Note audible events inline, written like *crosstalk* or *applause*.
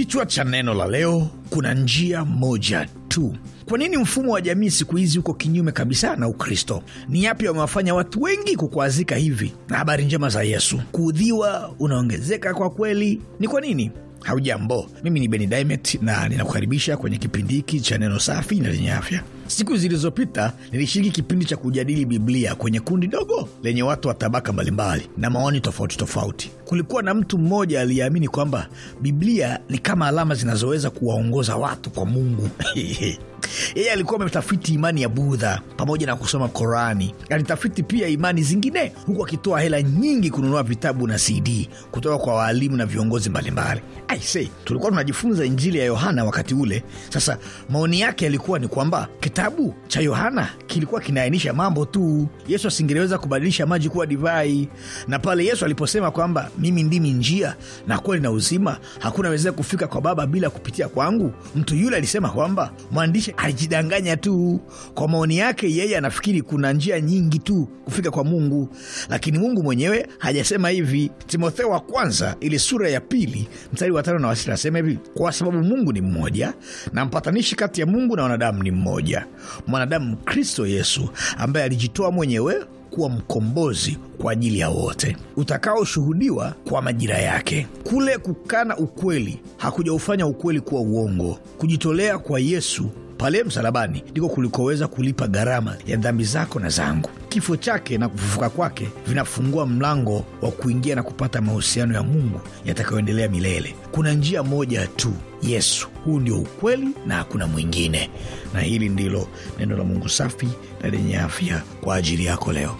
Kichwa cha neno la leo: kuna njia moja tu. Kwa nini mfumo wa jamii siku hizi uko kinyume kabisa na Ukristo? Ni yapi wamewafanya watu wengi kukwazika hivi na habari njema za Yesu? Kuudhiwa unaongezeka kwa kweli, ni kwa nini? Haujambo, mimi ni Beni Dimet na ninakukaribisha kwenye kipindi hiki cha neno safi na lenye afya. Siku zilizopita nilishiriki kipindi cha kujadili Biblia kwenye kundi dogo lenye watu wa tabaka mbalimbali na maoni tofauti tofauti. Kulikuwa na mtu mmoja aliyeamini kwamba Biblia ni kama alama zinazoweza kuwaongoza watu kwa Mungu. *laughs* Yeye alikuwa ametafiti imani ya Budha pamoja na kusoma Korani. Alitafiti pia imani zingine, huku akitoa hela nyingi kununua vitabu na CD kutoka kwa waalimu na viongozi mbalimbali. Aise, tulikuwa tunajifunza Injili ya Yohana wakati ule. Sasa maoni yake yalikuwa ni kwamba kitabu cha Yohana kilikuwa kinaainisha mambo tu. Yesu asingeliweza kubadilisha maji kuwa divai, na pale Yesu aliposema kwamba mimi ndimi njia na kweli na uzima, hakuna wezea kufika kwa Baba bila kupitia kwangu, mtu yule alisema kwamba mwandishi alijidanganya tu. Kwa maoni yake yeye anafikiri kuna njia nyingi tu kufika kwa Mungu, lakini Mungu mwenyewe hajasema hivi. Timotheo wa kwanza ile sura ya pili mstari wa tano na wasiri anasema hivi, kwa sababu Mungu ni mmoja na mpatanishi kati ya Mungu na wanadamu ni mmoja, mwanadamu Kristo Yesu ambaye alijitoa mwenyewe kuwa mkombozi kwa ajili ya wote utakaoshuhudiwa kwa majira yake. Kule kukana ukweli hakujaufanya ukweli kuwa uongo. Kujitolea kwa Yesu pale msalabani ndiko kulikoweza kulipa gharama ya dhambi zako na zangu. Kifo chake na kufufuka kwake vinafungua mlango wa kuingia na kupata mahusiano ya Mungu yatakayoendelea milele. Kuna njia moja tu, Yesu. Huu ndio ukweli na hakuna mwingine, na hili ndilo neno la Mungu safi na lenye afya kwa ajili yako leo.